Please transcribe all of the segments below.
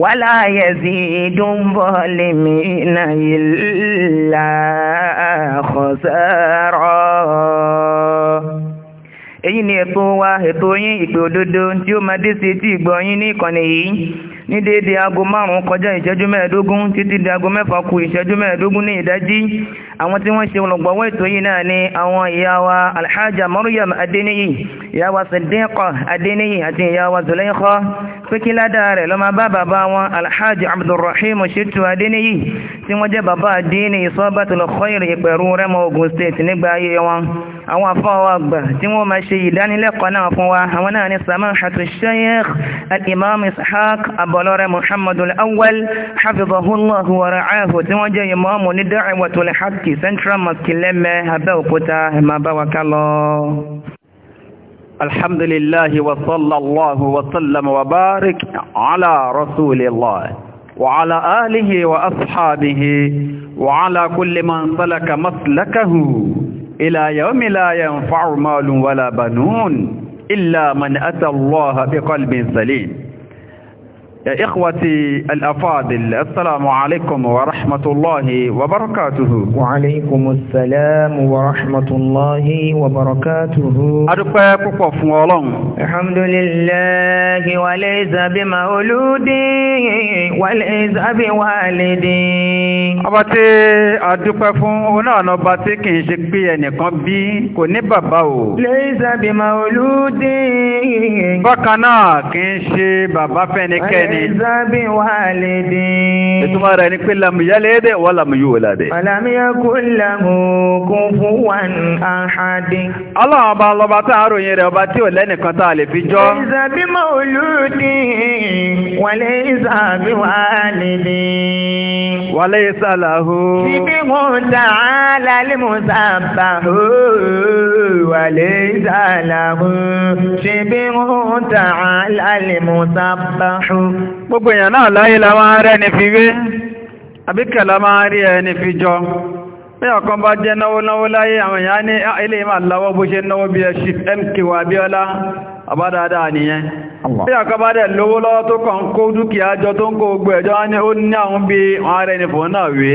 wàlá yẹ̀sí ìdúnbọ̀ lèmi náà ìlà àkọsẹ́rọ̀. èyí ni ètò wa ètò yín ìpè òdodo tí ó máa dé sí etí ìgbọ́ yín ní ìkànnì yìí ní déédéé aago márùn-ún kọjá ìṣẹ́jú mẹ́ẹ̀ẹ́dógún títí di aago mẹ́fà kù ìṣẹ́jú mẹ́ẹ̀ẹ́dógún ní ìdájí àwọn tí wọ́n ṣe olùgbọ̀wọ́ ètò yìí náà ni àwọn ìyá wa alhaja maryam adeniyi ìyá wa sadiqa adeniyi àti ìyá wa zulaikha pé kí ládàá rẹ̀ lọ́mọ bá bàbá wọn alhaji abdulrahim shitu adeniyi tí wọ́n jẹ́ bàbá adini ìsọ́bàtìlọ́kọ́ ìrìn ìpẹ̀rú rẹ́mọ ogun state nígbà ayé wọn àwọn àfáwà àgbà tí wọ́n máa ṣe ìdánilẹ́kọ̀ọ́ náà fún wa àwọn náà ni samahatu sheikh al-imam ishaq abọlọ́rẹ muhammadu al-awwal hafizahullahu wa ra'ahu tí wọ́n jẹ́ imamu ní da'watul haqq central mosque lẹ́mẹ́ abẹ́òkúta ìmàbáwakalọ́ الحمد لله وصلى الله وسلم وبارك على رسول الله وعلى آله وأصحابه وعلى كل من سلك مسلكه إلى يوم لا ينفع مال ولا بنون إلا من أتى الله بقلب سليم يا إخوتي الأفاضل السلام عليكم ورحمة الله وبركاته وعليكم السلام ورحمة الله وبركاته الحمد لله وليس بمولودي وليس بوالدي أباتي أدوكا فون أنا باتي كنشك بي نكون بي كوني باباو ليس بمولودي بكنا كنشي بابا فنكني ni. Ìzábí wà lè dé. Ìtumọ̀ rẹ̀ ni pé làmúyálẹ̀ dẹ̀ wọ́n làmúyò ládẹ̀. Àlàmúyá kò làmú kún fún wà ní àhádé. Ọlọ́run ọba ọlọ́ba tá a ròyìn rẹ̀ ọba tí ò lẹ́nìkan tá a lè fi jọ́. Ìzábí mọ̀ olùdí wàlẹ̀ ìzábí wà lè dé. Wàlẹ̀ ìsàlàhó. Síbí mo dà á lálẹ́ mo sábà hó. Wàlẹ̀ ìsàlàhó. Síbí mo dà á lálẹ́ mo sábà hó gbogbo èèyàn náà láyé la máa rẹ́ ni fi wé àbíkẹ̀ la máa rí ẹni fi jọ bí ọ̀kan bá jẹ́ náwó náwó láyé àwọn èèyàn ní ilé ah, ìmà láwọ́ bó ṣe náwó bí ẹṣì mkwa abíọ́lá àbádáadá nìyẹn bí ọ̀kan bá dẹ̀ lówó lọ́wọ́ tó kàn kó dúkìá jọ tó ń kó gbẹ̀ẹ́jọ́ ní ó ní àwọn bí wọ́n rẹ̀ ní fòun náà wé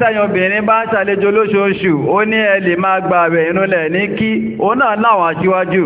tẹ́yìn obìnrin bá ń ṣàlejò lóṣooṣù ó ní ẹ lè máa gba àwẹ̀ ìrúnlẹ̀ ní kí òun náà láwọn aṣíwájú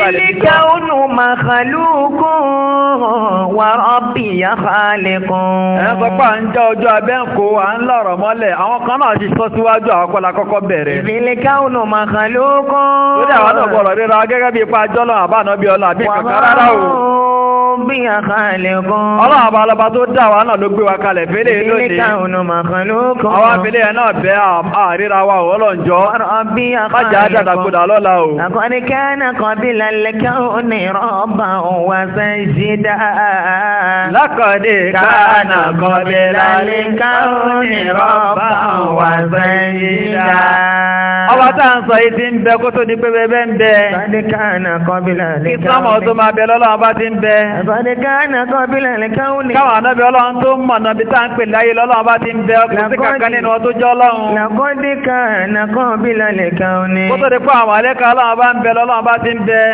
Tilka unu makhalukun wa rabbiya khaliqun. Ẹ sọ pé à ń já ojú abẹ́ ń kó, à ń lọ̀rọ̀ mọ́lẹ̀, àwọn kan náà ti sọ síwájú àwọn kọ́lá kọ́kọ́ bẹ̀rẹ̀. Tilka unu makhalukun. Ó dẹ̀ àwọn náà gbọ́dọ̀ ríra gẹ́gẹ́ bí ipa jọ́lọ́ ọlọ́run àbá alọ́ba tó dá wa náà ló gbé wa kalẹ̀ fẹ́lẹ̀ lónìí. ilé káwọn ọ̀nà màkàn ló kàn. àwọn abẹ́lẹ̀ yẹn náà bẹ́ àríra wa ọlọ́njọ́. ọ̀rọ̀ bí a kalẹ̀ gan. májà dàdàkúdà lọ́la o. àkọ́ni kẹ́nà kan bí إلى الكون ربا وسجدا لقد كان قبل الكون ربا وسجدا Ọba tá ń sọ ìdí ń bẹ kó tó ní pẹ́pẹ́ bẹ́ ń bẹ. Bàdékánà kọbílà lẹ́kẹ́ òní. Ìtọ́mọ̀ tó máa bẹ lọ́lọ́wọ́ bá ti ń bẹ. Bàdékánà kọbílà lẹ́kẹ́ òní. Káwọn ànábì ọlọ́run tó mọ̀nà bí tá ń pè láyé lọ́lọ́wọ́ bá ti ń bẹ ọkùnrin sí kankan nínú Kó tó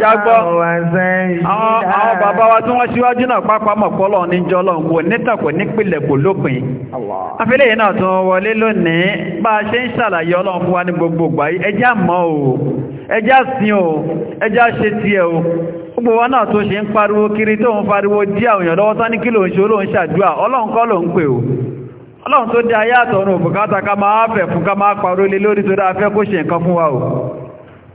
jágbọ́ àwọn bàbá wa tí wọ́n síwájú náà pápá mọ̀pọ́lọ̀ ní jọlọ̀ kò nítàkò nípìlẹ̀ kò lópin afẹ́lẹ̀ yìí náà tún wọlé lónìí bá a ṣe ń ṣàlàyé ọlọ́run wa ní gbogbo ìgbà ẹjá mọ́ o ẹjá sin o ẹjá ṣe tiẹ̀ o gbogbo wa náà tó ṣe ń pariwo kiri tó ń pariwo dí lọ́wọ́ tán ní kí ló ń ṣe o ọlọ́run tó ayé àtọ̀run òbùkátà ká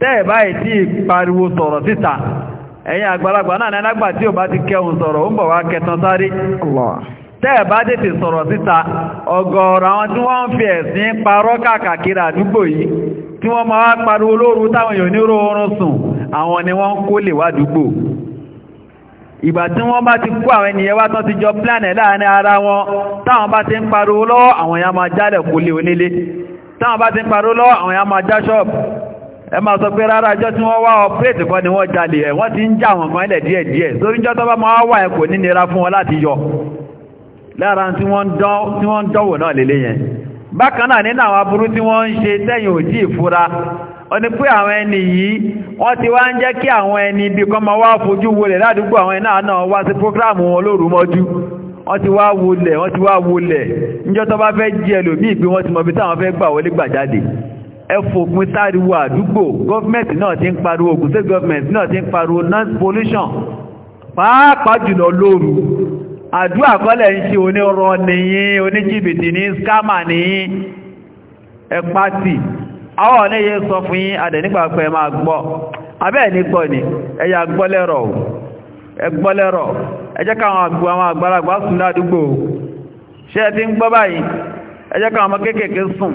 tẹ́ẹ̀ báyìí tí pariwo sọ̀rọ̀ síta ẹ̀yin àgbàlagbà náà ní alágbà tí ò bá ti kẹun sọ̀rọ̀ ó ń bọ̀ wá kẹtàn sáré tẹ́ẹ̀ bá tètè sọ̀rọ̀ síta ọ̀gọ̀ọ̀rọ̀ àwọn tí wọ́n ń fi ẹ̀sìn parọ́ káàkiri àdúgbò yìí tí wọ́n máa pariwo lóru táwọn èèyàn ní oorun sùn ìgbà tí wọ́n bá ti kó àwọn ènìyàn wá tán ti jọ plánẹ̀ láàrin ara wọn táwọn bá ti ń pariwo lọ́wọ́ àwọn ya máa jálẹ̀ kó lé onílé táwọn bá ti ń pariwo lọ́wọ́ àwọn ya máa já ṣọ́ọ̀bù ẹ máa sọ pé rárá ọjọ́ tí wọ́n wá ọpírẹ́tì kan ni wọ́n jalè ẹ̀ wọ́n ti ń já àwọn kan ilẹ̀ díẹ̀ díẹ̀ sórí ìjọ́ máa wà ẹ̀ kò fún wọn láti yọ lára tí wọ́n ń dánwò náà lélé yẹn bákan náà nínú àwọn aburú tí wọ́n ń ṣe tẹ́yìn òjí ìfura wọ́n àwọn ẹni yìí wọ́n ti wá ń jẹ́ kí àwọn ẹni ibi kan máa wá fojú wọlé ládùúgbò ẹfòpin táriwo àdúgbò gọ́ọ̀mẹ̀tì náà ti ń pariwo Ògùn State gọ́ọ̀mẹ̀tì náà ti ń pariwo noise pollution pàápàá jùlọ lóru àdúrà kọ́lẹ̀ ń ṣe onírọ́ nìyí oníjìbìtì ní skama nìyí ẹpàtì àwọn oníye sọ fún yín adẹ̀ nígbà pẹ́ máa gbọ́ abẹ́ ní gbọ́ ni ẹ̀yà gbọ́lẹ́rọ̀ ẹgbọ́lẹ́rọ̀ ẹjẹ́ káwọn àgbà àwọn àgbàlagbà ọmọ kéékèèké sùn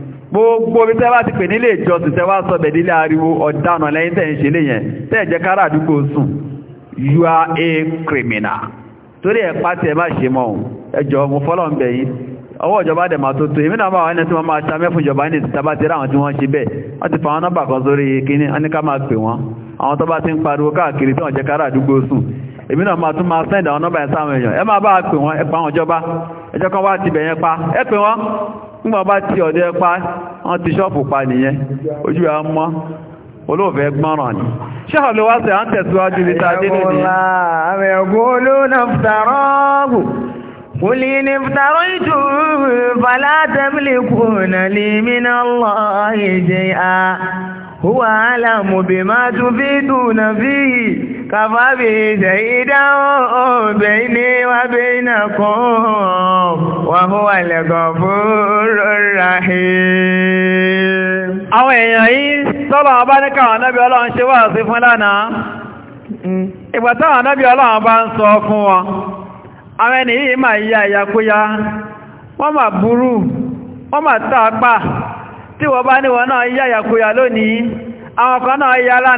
gbogbo bí tẹ́wà ti pè nílé ìjọsìn tẹ́wà sọ bẹ̀dílé ariwo ọ̀dánà lẹ́yìn tẹ́ ń ṣe lè yẹn tẹ́ẹ̀jẹ́ kára àdúgbò sùn you are a criminal torí ẹ̀pá tí ẹ má ṣe mọ́ ẹjọ́ mo fọ́lọ́ ń bẹ̀ yín ọwọ́ ìjọba dẹ̀ máa tó tó èmi náà bá wọn ẹni tí ìjọba ẹjọ́ kan wá ti bẹ̀yẹn pa ẹ́pẹ̀ wọn nígbà bá ti ọ̀dẹ́ pa wọ́n ti ṣọ́ọ̀pù pa nìyẹn ojú ẹ̀ mọ́ olóòfẹ́ gbọ́nràn ni ṣáà ló tẹ̀síwájú ní tàdé لي من الله شيئا هو أعلم بما تفيدون فيه kàfà bí ṣẹ̀yídá obìnrin ní wábìnà kún wọ́n wà lẹ́kọ̀ọ́ fúró ráhì. àwọn èèyàn yìí tọ́lọ̀ ọba ní káwọn anábì ọlọ́run ṣe wà sí fún lánàá fún wọn àwọn ẹni yìí máa bá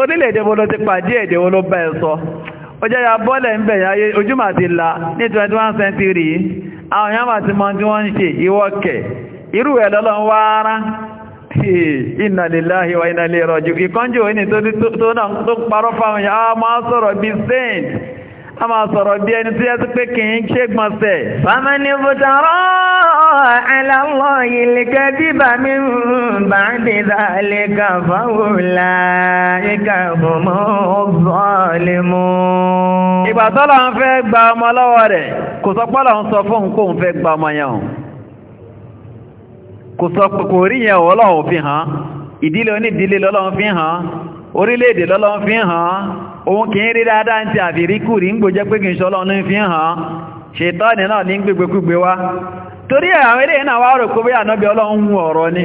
orílẹ̀-èdè wo ló ti pàdé èdè wo ló bá ẹ sọ ọjọ́ ya bọọlụ ń bẹ̀yà ayé ojúmọ̀ ti la ní 21 century àwọn èèyàn máa ti mọ tí wọ́n ń ṣe ìwọ́kẹ̀ irú ẹ̀ lọ́lọ́ ń wáárá inna lillahi wa inna ilayhi raji'un ìkọ́njú òní tó náà tó parọ́ fáwọn ah, a máa sọ̀rọ̀ bí ẹni tí ẹ ti pé kì í ṣe gbọ̀nsẹ̀. fàmánì bùtàrọ̀ àlàwọ̀ ìlẹ̀kẹ́ dìbà mi bá dìda àlẹ́kà fáwọlá ìkà ìbùmọ̀ ọ̀bọ̀ọ̀lẹ́mú. ìgbà tọ́lọ̀ ń fẹ́ gba ọmọ lọ́wọ́ rẹ̀ kò sọ pọ́lọ̀ ń sọ fóun kóun fẹ́ gba ọmọ yẹn o kò rí yẹn ọlọ́run fi hàn ìdílé onídìílé lọ́lọ́run fi hàn orílẹ̀-èdè lọ́lọ́run fi ń hàn òun kì í rí dáadáa ti àfìríkù rí ń gbòjẹ́ pé kì í ṣọ́lọ́run fi ń hàn náà ní gbégbégbé wá torí àwọn náà wá bí ọlọ́run ni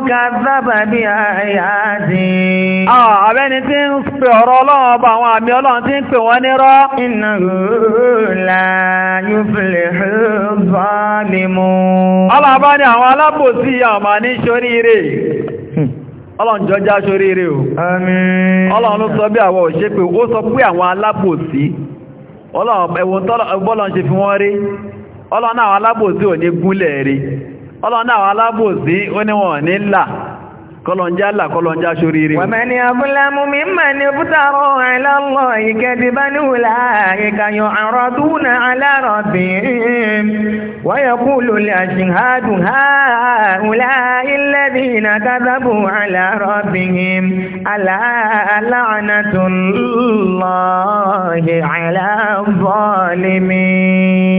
kàzábà ah, bí tí ń pè ọ̀rọ̀ ọlọ́run àwọn àmì ọlọ́run tí ń pè wọ́n nírọ́. Iná la yúfìlẹ̀ ọ̀bọ̀límù. ni àwọn alábòsí àmà ní ṣoríire. ṣoríire o. sọ bí àwọn òṣèpè, ó sọ pé àwọn alábòsí. ọlọ́nà àwọn alábòsí ó níwọ̀n ní là kọlọ̀njá là kọlọ̀njá ṣoríire wọ́n mẹ́ni abúlámú mímọ̀ ní bútàrọ̀ ẹlọ́lọ́ ìkẹ́dìbá níwòlá ìkàyàn àrọ̀dúnà alárọ̀bìn ويقول الأشهاد هؤلاء الذين كذبوا على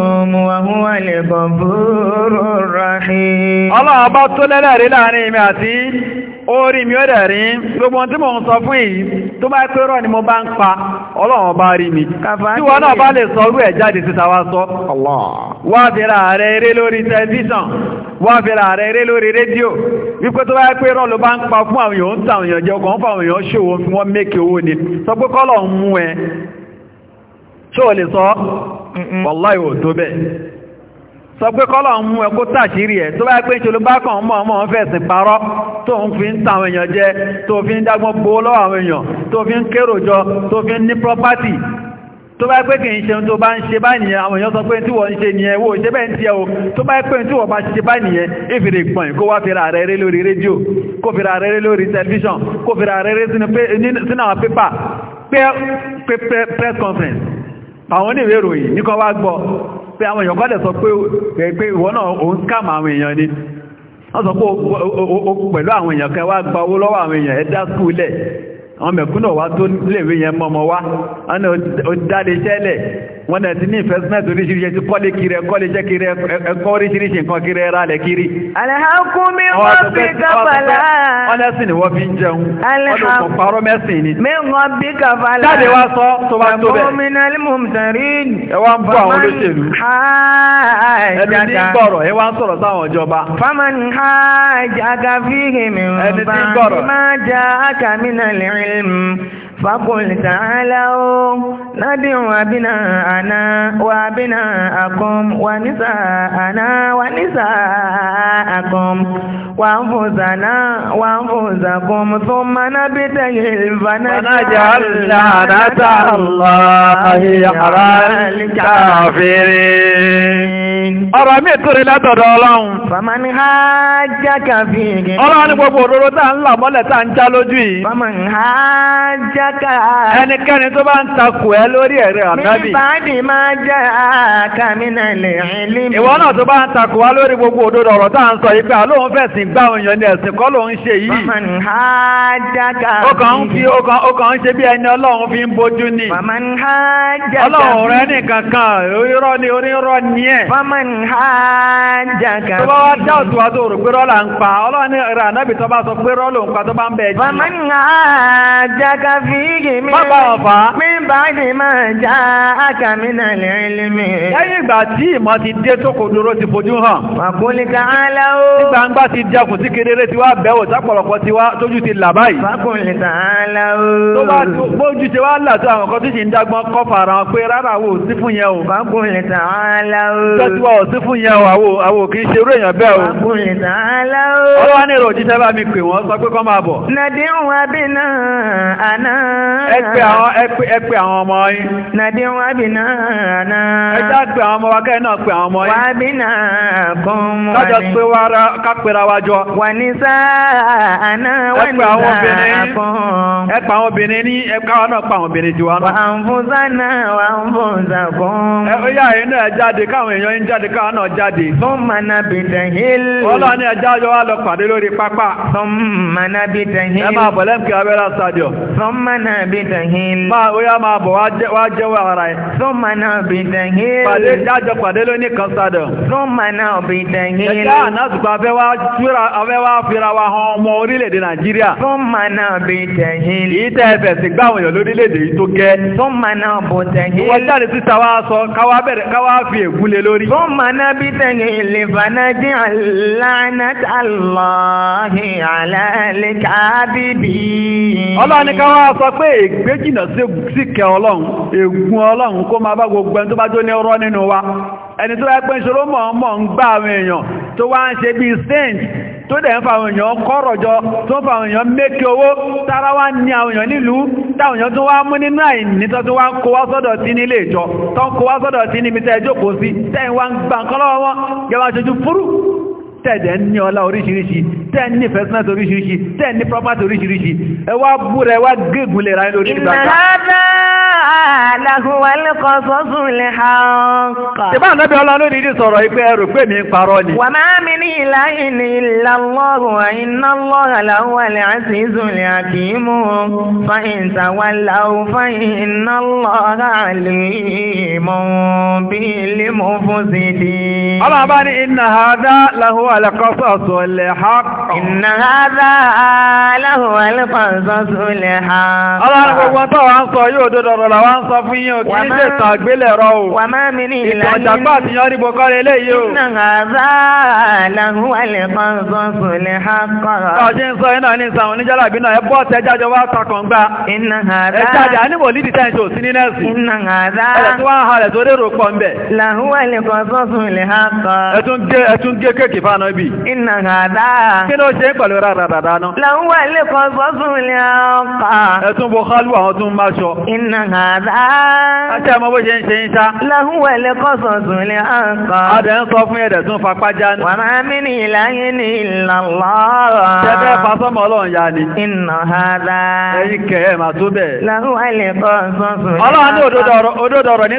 Ọlọ́run bá tó lẹ́lẹ́rí láàrin ìmẹ́ àti orí mi ó dẹ̀ rí gbogbo tí mò ń sọ fún èyí tó bá pé rọ́ ni mo bá ń pa Ọlọ́run bá rí mi. Tí wọ́n náà bá lè sọ orú ẹ̀ jáde síta wá sọ. Wá fẹ́ra rẹ̀ eré lórí tẹlifíṣàn, wá fẹ́ra rẹ̀ eré lórí rédíò. Wípé tó bá pé rọ́ ló bá ń pa fún àwọn èèyàn ń tàwọn èèyàn jẹ́ ọkàn fún àwọn èèyàn ṣòwò fún wọn mékè owó ni. Sọ pé kọ́lọ̀ ń mú ẹ ṣó o lè sọ wàláhì ò tó bẹ́ẹ̀ sọ pé kọ́lọ̀ ń mú ẹkú tàṣírí ẹ̀ tó báyé pé ìṣòlú bá kàn mọ́ ọmọ fẹ̀sìn parọ́ tó ń fi ń ta àwọn èèyàn jẹ tó fi ń dágbọ́n gbówó lọ́wọ́ àwọn èèyàn tó property tó bá pé kìí ṣe tó bá ń ṣe bá nìyẹn àwọn èèyàn sọ pé tí wọ́n ń ṣe nìyẹn wò ṣe bẹ́ẹ̀ ń tiẹ̀ o tó bá pé tí wọ́n bá ṣe bá nìyẹn ìfìdí pọ̀n press conference àwọn oníwé ìròyìn ní kọ́ wá gbọ́ pé àwọn èèyàn kọ́lẹ̀ sọ pé ìwọ náà òun scam àwọn èèyàn ni wọ́n sọ pé pẹ̀lú àwọn èèyàn kẹ́ wá gba owó lọ́wọ́ àwọn èèyàn ẹ̀dá skúlẹ̀ àwọn mẹ̀kúnnà wá tó léèwé wọ́n dẹ̀ ti ní investment oríṣiríṣi ti kọ́lé kiri ẹ kọ́lé jẹ́ kiri ẹkọ́ oríṣiríṣi nǹkan kiri ẹ rálẹ̀ kiri. alahakumi wọn fi kafala. ọlẹ́sìn ni wọ́n fi ń jẹun. alahakumi ọlọ́kùn parọ́ mẹ́sìn ni. mi wọn fi kafala. jáde wá sọ tó bá tó bẹ́ẹ̀. àmọ́ mi náà lè mú mi sẹ́rí. ẹ wá ń bọ àwọn olóṣèlú. ẹni tí ń gbọ́rọ̀ ẹ wá ń sọ̀rọ̀ sáwọn ìjọba. min al فقل تعالوا ندعو أبناءنا وأبناءكم ونساءنا ونساءكم وأنفسنا وأنفسكم ثم نبتهل فنجعل لعنة الله على الكافرين ọ̀rọ̀ mi ìtòrè látọ̀dọ̀ ọlọ́run. Fàmánì ha já kàfí igi. Ọlọ́run ní gbogbo òróró tá ń là mọ́lẹ̀ tá ń já lójú yìí. Fàmánì ha já ká. Ẹnikẹ́ni tó bá ń takò ẹ lórí ẹ̀rẹ̀ ànábì. Mi bàdì máa já kàmínà lè rìn lé mi. Ìwọ náà tó bá ń takò wá lórí gbogbo òdodo ọ̀rọ̀ tá ń sọ yìí pé àlóhun fẹ̀sìn gbá òyìn ní man hajjaka. tó bá wá dá òtún wá tó rò pé rọ́là ń pa ọlọ́run ní ra ànábì tó bá sọ pé rọ́lò ń pa tó bá ń bẹ̀ jù. wọ́n hajjaka fi yé mi. má bá wọn fà á. mi bá di máa mi. lẹ́yìn ìgbà tí ìmọ̀ ti dé tó kò dúró ti fojú hàn. fàkúlì tààlà ó. tí gbangba ti jẹkùn tí kedere ti wá bẹ̀wò sápọ̀lọpọ̀ ti wá tójú ti là báyìí. fàkúlì tààlà ó. tó bá gbójú ti wá là àwọn kọ́ àwa ò sí fún ìyá àwọ̀ àwọ̀ kìí ṣe orú èèyàn bẹ́ẹ̀ o. ọlọ́wà ní ìrò jíṣẹ́ bá mi pè wọ́n sọ pé kọ́ máa bọ̀. nàdíhùn abínà àná. ẹ pè àwọn ẹ pè ni. kájọ pé wá ra ká pera wa jọ. wà ní sáà àwọn náà pa àwọn obìnrin tiwa náà. wà ń fún sánà wà ń fún sàkún. ẹ ó yà jáde káwọn náà jáde. fún manabi tahil. ọlọ́run ní ẹja yọ wá lọ pàdé lórí pápá. fún manabi tahil. ẹ máa bọ̀ lẹ́mkì abẹ́rẹ́ stadium. fún manabi tahil. máa ó yá máa bọ̀ wá jẹ́wọ́ ara ẹ̀. fún manabi tahil. pàdé jájọ pàdé lóní kan stadium. fún manabi tahil. ẹja ànásùpá afẹ́ wá fira wa han ọmọ orílẹ̀-èdè nàìjíríà. fún manabi tahil. kì í tẹ́ ẹ̀fẹ̀ sí gbáwọn èèyàn lórílẹ̀-èdè yìí tó gẹ́. fún manabi tahil. ìwọ jáde síta wá sọ káwá fi ègúnlé lórí. fún اللهم نبتغي لفنجعل لعنة الله على الكاذبين ọlọ́run ni ká wá sọ pé ègbé jìnà sí ọlọ́run ègún ọlọ́run kó máa bá gbogbo ẹni ní ọ̀rọ̀ nínú wa àwọn èèyàn tó dẹ̀ ń fa àwọn èèyàn kọ́rọ̀jọ tó ń fa àwọn èèyàn mékè owó tára wá ní àwọn èèyàn nílùú táwọn èèyàn tó wá mú nínú àìní tó tó wá ń kó wá sọ́dọ̀ sí ní ìjọ tó ń kó wá sọ́dọ̀ sí níbi tẹ́ jókòó sí tẹ́yìn wá ń gba nǹkan lọ́wọ́ wọn gẹ́wà ṣojú fúrú tẹ́ẹ̀dẹ̀ ní ọlá oríṣiríṣi tẹ́ẹ̀ ní fẹ́sínẹ́sì oríṣiríṣi tẹ́ẹ̀ ní property làhùwà lẹ́kọ̀ọ́ sọ́sùn lè ha kọ̀. ṣé bá ànábì ọlọ́run ní ìdí sọ̀rọ̀ ìpẹ́ ẹrù pé mi ń parọ́ ni. wà máa mi ní ìlà ìní ìlà lọ́rùn àìná lọ́rùn làwọn àlẹ́ àti ìzùnlẹ̀ àkìímù fáyìn tàwọn làwọn fáyìn ná lọ́rùn àlẹ́ ìmọ̀ bí ilé mọ̀ fún sí di. ọlọ́run bá ní iná hádá làhùwà lẹ́kọ̀ọ́ sọ́sùn lè ha kọ̀. iná hádá làhùwà lẹ́kọ̀ọ́ sọ́sùn lè ha kọ̀. ọlọ́run gbogbo wá ń sọ fún yín o kì ṣe tàn àgbélẹ̀rọ o. wà àti yan ríbo kọ́ lé léyìí o. iná àzá làwọn àlẹ́ kan sọ sọlẹ̀ ha kọ̀rọ̀. bí a ṣe ń sọ iná ní sàn oníjàlábí náà ẹ bọ́ ọ̀tẹ̀ jájọ wá takàn gbá. iná àzá ẹ jáde àníwò lídìí tẹ́ ń ṣe òsín nínú ẹ̀sìn. iná àzá ẹ̀ tí wọ́n á halẹ̀ tó rérò pọ̀ ńbẹ̀. làwọn àlẹ́ kan sọ sọlẹ̀ ha kọ̀rọ̀. ẹ tún gé àdá. Aṣẹ́ ọmọ bó ṣe ń ṣe ń ṣá. Láhúwẹ̀ lè kọ́sọ̀ sùn lè hàn kan. Adẹ ń sọ fún ẹ̀dẹ̀ tún fapá jánu. Wà máa mí ní ìlàyé ní ìlànà. Ṣẹ́fẹ́ fasọ́mọ ọlọ́run ya ni. Iná àdá. Ẹyin kẹ̀ ẹ̀ máa tó bẹ̀. Láhúwẹ̀ lè kọ́sọ̀ sùn lè hàn kan. Ọlọ́run ní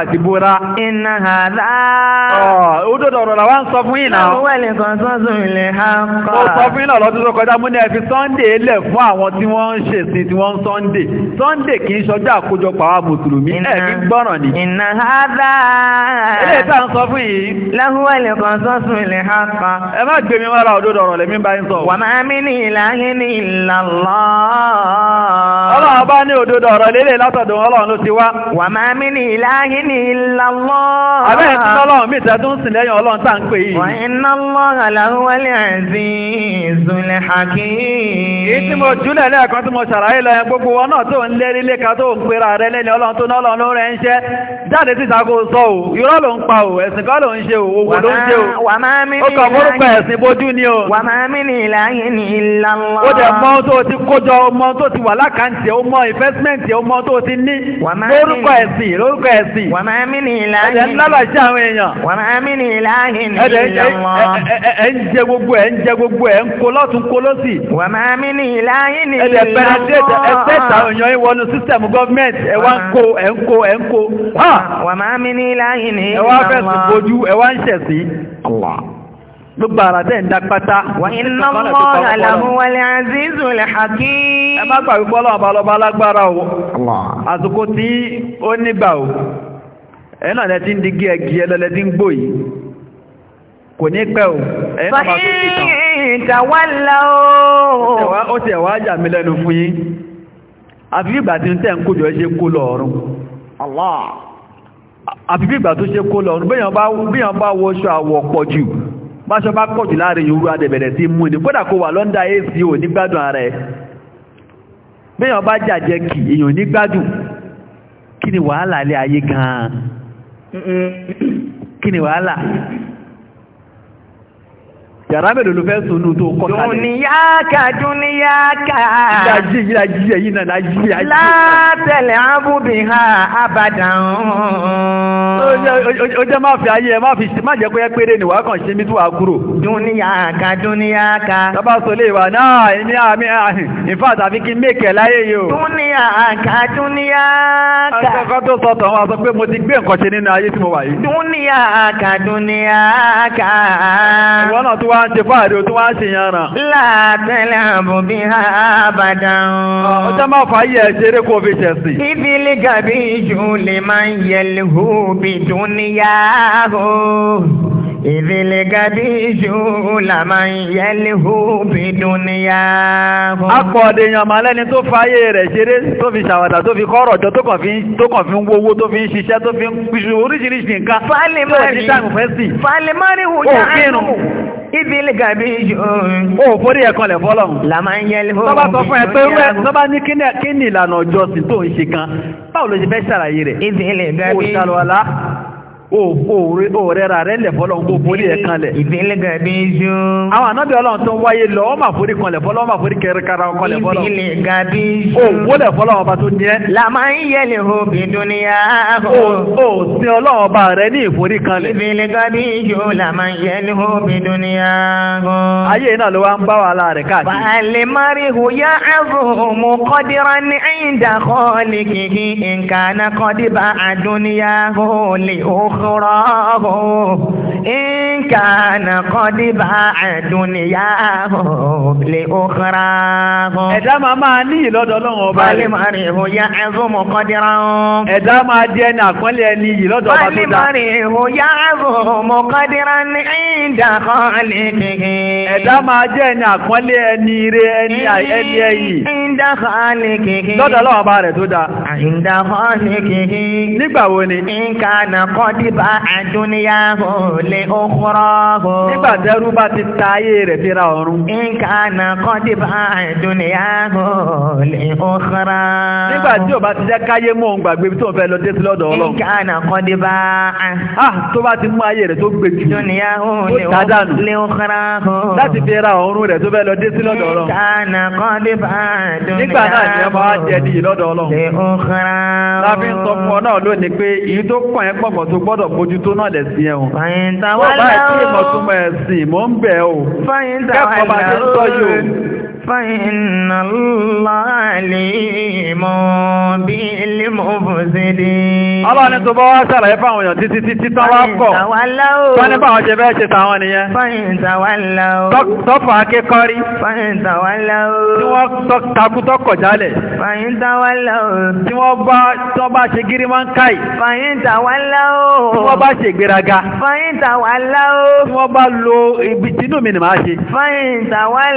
àti búra. iná àdá. ó dọ̀dọ̀ ọ̀rọ̀ làwọn sọ fún yìí náà. lọ́wọ́ ẹ̀lẹ́ kan sọ́sùn ilé ha kọ́. ó sọ fún yìí náà lọ́dún tó kọjá mú ní ẹ̀fí sunday lẹ̀ fún àwọn tí wọ́n ń ṣèsìn tí wọ́n ń sunday sunday kì í ṣọjọ́ àkójọpọ̀ àwọn mùsùlùmí ẹ̀fí gbọ́ràn ni. iná àdá. ilé tá à ń sọ fún yìí. lọ́wọ́ ẹ̀lẹ́ kan sọ́sùn ilé ha kọ́. ẹ má gbé mi mọ́ra òdodo ọ̀rọ̀ lẹ́mí bá ń illallah. Abẹ́ ẹ̀sìn ọlọ́run mi tẹ́ tó ń sìn ọlọ́run tá ń pè yìí. Wa inna Allaha lahuwal azizul hakim. Èyí tí mo júlẹ̀ lẹ́ẹ̀kan tí mo ṣàlàyé lọ yẹn gbogbo wọn náà tó ń lérí léka tó ń pera rẹ lẹ́ni ọlọ́run tó náà ọlọ́run ló rẹ̀ Jáde síta kò sọ o, irọ́ ló ń pa o, ẹ̀sìn kọ́ ló ń ṣe o, owó ló ń ṣe o. Ó kàn mórúkọ ẹ̀sìn Allah. Ó dẹ̀ mọ ẹ̀sìn wà máa mí ní ìlànà ẹ̀dẹ̀ ńlábà sí àwọn èèyàn wà máa mí ní ìlànà ìlànà ẹ̀ ń jẹ gbogbo ẹ̀ ń jẹ gbogbo ẹ̀ ń kó lọ́tún kó lọ́sì wà máa mí ní ìlànà ìlànà ẹ̀dẹ̀ pẹ̀lẹ́dẹ̀ ẹ̀fẹ́ táwọn èèyàn yín wọnú sísẹ̀mù gọ́ọ̀mẹ̀ntì ẹ̀ wá ń kó ẹ̀ ń kó ẹ̀ ń kó wà gbogbo ara tẹ́ ń da pátá. wa inna Allaha lahuwal azizul hakim. ẹ má gbàgbé bọ́lá ọba ọlọ́ba alágbára o. àsìkò tí ó nígbà o ẹ̀nà ẹ̀ tí ń di gẹ́ẹ̀gì ẹlẹ́lẹ́ tí ń gbò yìí kò ní pẹ́ o ẹ̀nà máa tó ti tàn ìtàwálà ó tẹ̀ wá jà mí lẹ́nu fún yín àfi bí ìgbà tí ń tẹ̀ ń kójọ ṣe kó lọ ọ̀run àfi ìgbà tó ṣe kó lọ bíyàn bá wọṣọ àwọ̀ pọ̀ jù báṣọ bá pọ̀ jù láàrin yòórù adẹ̀bẹ̀rẹ̀ tí mú ní kódà kó wà lọ́ndà ac ò ní gbádùn ara ẹ̀ bíyàn bá jàjẹ́ kì èèyàn ní gbádùn kí ni wàhálà ilé ayé gan-an kí ni wàhálà yàrá mẹ́rin ló fẹ́ sunú tó kọ́ kalẹ̀. dùnìyàkà dùnìyàkà. ìdájí ìdájí ẹ̀yìn náà lájí àjí. látẹ̀lẹ̀ abúbi ha abadan. ó jẹ́ má fi ayé ẹ má fi má jẹ́ kó yẹ péré ni wàá kàn ṣe mí tó wàá kúrò. dùnìyàkà dùnìyàkà. sábà sọ lè wà náà èmi àmì ìfà tàbí kí n mèkè láyé yìí o. dùnìyàkà dùnìyàkà. akẹ́kọ̀ọ́ tó sọ tọ̀ wọn sọ pé mo ti gbé nǹkan ṣe nínú ayé tí mo wà yìí. dùnìyàkà dùnìyàkà. ìwọ náà tó wá wá ń ṣe fáàrí o tó wá ń ṣe yànrà. látẹ̀lẹ̀ àbùbí àbàdàn. ọjọ́ máa fà yẹ ṣeré kó fi ṣẹ̀ sí. ìdílé gàbí ìjù lè máa yẹ lè hó bìdún níyàwó ìdílégádì ìṣòlàmà yẹlẹ́hó bìdúnìyà. a pọ̀ ọ̀dẹ̀yàn máa lẹ́ni tó fàyè rẹ̀ ṣeré tó fi ṣàwàdà tó fi kọ́rọ̀ jọ tó kàn fi ń wówó tó fi ń ṣiṣẹ́ tó fi ń pìṣù oríṣiríṣi nǹkan tó ti ṣàkùn fẹ́ sí. falimari wùjà ánú ìdílégádì ìṣòlàmà. o forí ẹ̀ kanlẹ̀ fọ́lọ̀. làmà yẹlẹ́hó bìdúnìyà. tọ́ba sọ fún ẹ pé tọ́ba ní kí ni ìlànà ọjọ́ òrẹ́ra rẹ̀ lẹ̀ fọ́lọ́n kó forí ẹ̀ kanlẹ̀. ìbílẹ̀ gàbí jù. àwọn ànábì ọlọ́run tó ń wáyé lọ ọmọ àforí kanlẹ̀ fọ́lọ́ ọmọ àforí kẹrẹ kara kanlẹ̀ fọ́lọ́. ìbílẹ̀ gàbí jù. òwò lẹ̀ fọ́lọ́ ọba tó ní ẹ́. làmá ń yẹ lè ho bí dúnìyà kọ. o sin ọlọ́run ọba rẹ ní ìforí kanlẹ̀. ìbílẹ̀ gàbí jù làmá ń yẹ lè ho bí dúnìyà kọ. ayé náà ló wá ń bá wa la rẹ̀ káàkiri. bàálẹ̀ mari hu yá azumu kọ́dira ní ẹ̀yìn dàkọ́ lè kìkì nǹkan náà kọ́dí bá àdúnyà kó lè ó غراه إن كان قد باع دنياه لأخراه ẹ̀dá máa máa ní ìlọ́dọ̀ ọlọ́run ọba rẹ̀ fàlímọ̀rì ìhòyà ẹ̀zùmọ̀ kọ́dírà ń ẹ̀dá máa di ẹni àpọ́nlé ẹni ìlọ́dọ̀ ọba tó dá fàlímọ̀rì ìhòyà ẹ̀zùmọ̀ kọ́dírà ní ìdàkọ́ lẹ́kẹ̀kẹ́ ẹ̀dá máa jẹ́ ẹni àpọ́nlé ẹni ire ẹni ẹ̀yì ìdàkọ́ lẹ́kẹ̀kẹ́ lọ́dọ̀ ọlọ́run ọba rẹ̀ tó dá ìdàkọ́ lẹ́kẹ̀kẹ́ nígbà wo ni nǹkan àkọ́dí kọ́síbà àdúnyàwó lè ó kúrọ́hó. nígbà tẹ́rú bá ti ta ayé rẹ̀ fi ra ọ̀run. ìkànnà kọ́síbà àdúnyàwó lè ó kúrọ́. nígbà tí ò bá ti jẹ́ káyé mọ́ òun gbàgbé tó ń fẹ́ lọ dé sí lọ́dọ̀ ọlọ́run. ìkànnà kọ́síbà. ah tó bá ti mú ayé rẹ̀ tó gbé jù. àdúnyàwó lè ó kúrọ́hó. láti fi ọ̀run rẹ̀ tó fẹ́ lọ dé sí lọ́dọ̀ ọlọ́run. ìkànnà kọ́síbà àdúnyàwó lè ó kúrọ́hó gbọ́dọ̀ mójútó náà lẹ̀ sí ẹ̀hùn. fàyíntàwálà ó báyìí tí ìmọ̀túnmọ̀ ẹ̀sìn mò ń bẹ̀ ọ́ kẹ́kọ̀ọ́ bá ti ń فإن الله عليم بالمفسدين ọlọ́run ní tó bọ́ wá ṣàlàyé fáwọn èèyàn títí títí tán wá pọ̀ tó ní báwọn ṣe bẹ́ẹ̀ ṣe tàwọn nìyẹn tọ́fà akékọ́rí tí wọ́n takú tọ́kọ̀ jálẹ̀ tí wọ́n bá ṣe gírí máa ń káì tí wọ́n bá ṣe ìgbéraga tí wọ́n bá lo ibi tínú mi ni máa ṣe tí wọ́n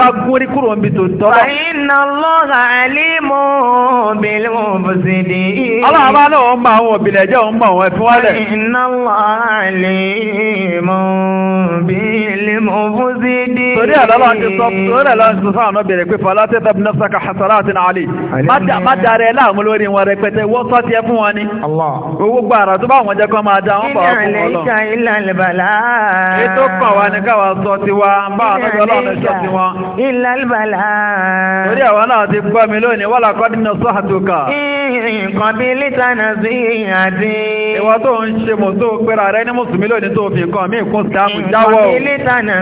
bá kúrí kúrò ń bi tó tọ́lọ̀. Inna Allaha alimun bil mufsidin. Ọlọ́run bá lọ́wọ́ ń bá àwọn òbílẹ̀ jẹ́ òun bọ̀ wọ́n ẹ̀fín wálẹ̀. Inna Allaha alimun bil mufsidin. Torí ẹ̀ ti sọ torí ẹ̀ ti sọ fún àwọn obìnrin pé fọlá tẹ́ tẹ́bi náà saka hasaratin ali. Má dára ẹ láàmú lórí wọn rẹpẹtẹ wọ́n sọ tiẹ̀ fún wọn ni. Owó gbàrà tó bá wọn jẹ́ kó máa da wọn bọ̀ fún wọn lọ. Ìnà illa al-bala. Torí àwọn náà ti gbọ́ mi lónìí, wọ́n làkọ́ nínú sọ́hàtúkà. Nǹkan bí lítànà sí ìyàdí. Ìwọ tó ń ṣe mò tó pẹ́ra rẹ ní Mùsùlùmí lónìí tó fi nǹkan mí kún sáàmù jáwọ́. Nǹkan bí lítànà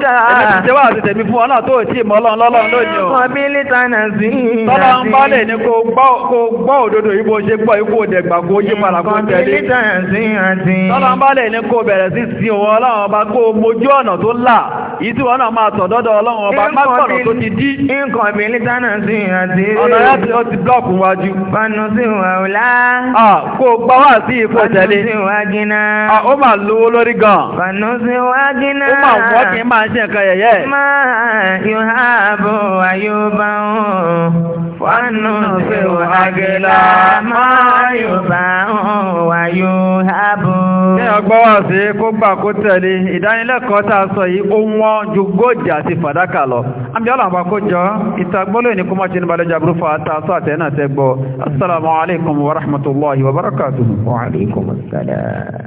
náà sí tẹ̀mí fún ọ bá lè ní kó gbọ́ òdodo ìbò ṣe gbọ́ ikú òdẹ̀gbà kó yí padà kó tẹ̀lé. Nǹkan bí lítànà sí ìyàdí. Tọ́lọ́run bá wọ́n lè ní kó bẹ̀rẹ̀ sí sin òun ọlọ́run ọba kó mojú ọ̀nà tó là yìí tí náà máa ọlọ́run ọba pápọ̀nà tó ti dí. nǹkan mi ní tánà sí àti. ọ̀nà yá ti ó ti blọ́ọ̀kù wájú. fanu sí wa ò o gbọ́ wá sí ipò tẹ̀lé. fanu sí wa ó lówó lórí gan. fanu sí wa ó fọ́nù tí ó agilọ́ máa yóò bá wà yóò hábù. Ní ọgbọ́n wà sí kó gbà kó tẹ̀lé ìdánilẹ́kọ̀ọ́ tàà sọ yìí ó wọ́n ju góòjì àti fàdákà lọ. Àmì ọlọ́mà kó jọ ìtagbóló ní kó má ṣe ní balẹ̀jà burúfà àtàtọ́ àtẹ́nà tẹ́gbọ́. Assalamu alaikum wa rahmatullahi wa barakatuhu. Wa alaikum assalam.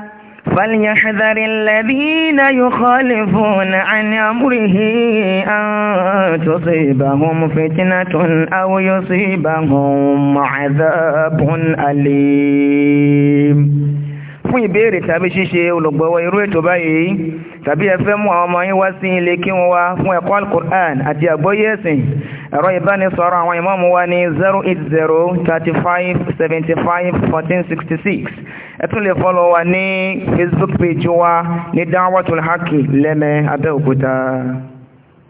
فليحذر الذين يخالفون عن أمره أن تصيبهم فتنة أو يصيبهم عذاب أليم fún ìbéèrè tàbí ṣíṣe olùgbọ́wọ́ irú ètò báyìí tàbí ẹ fẹ́ mú àwọn ọmọ yín wá sí ilé kí wọ́n wá fún ẹ̀kọ́ al-Qur'an àti àgbọ́yé ẹ̀sìn ẹ̀rọ ìbánisọ̀rọ̀ àwọn ìmáàmù wa ní 08035751466 ẹ lè fọ́lọ̀ wa ní Facebook page wa ní Da'watul Haqq lẹ́mẹ́ Abẹ́òkúta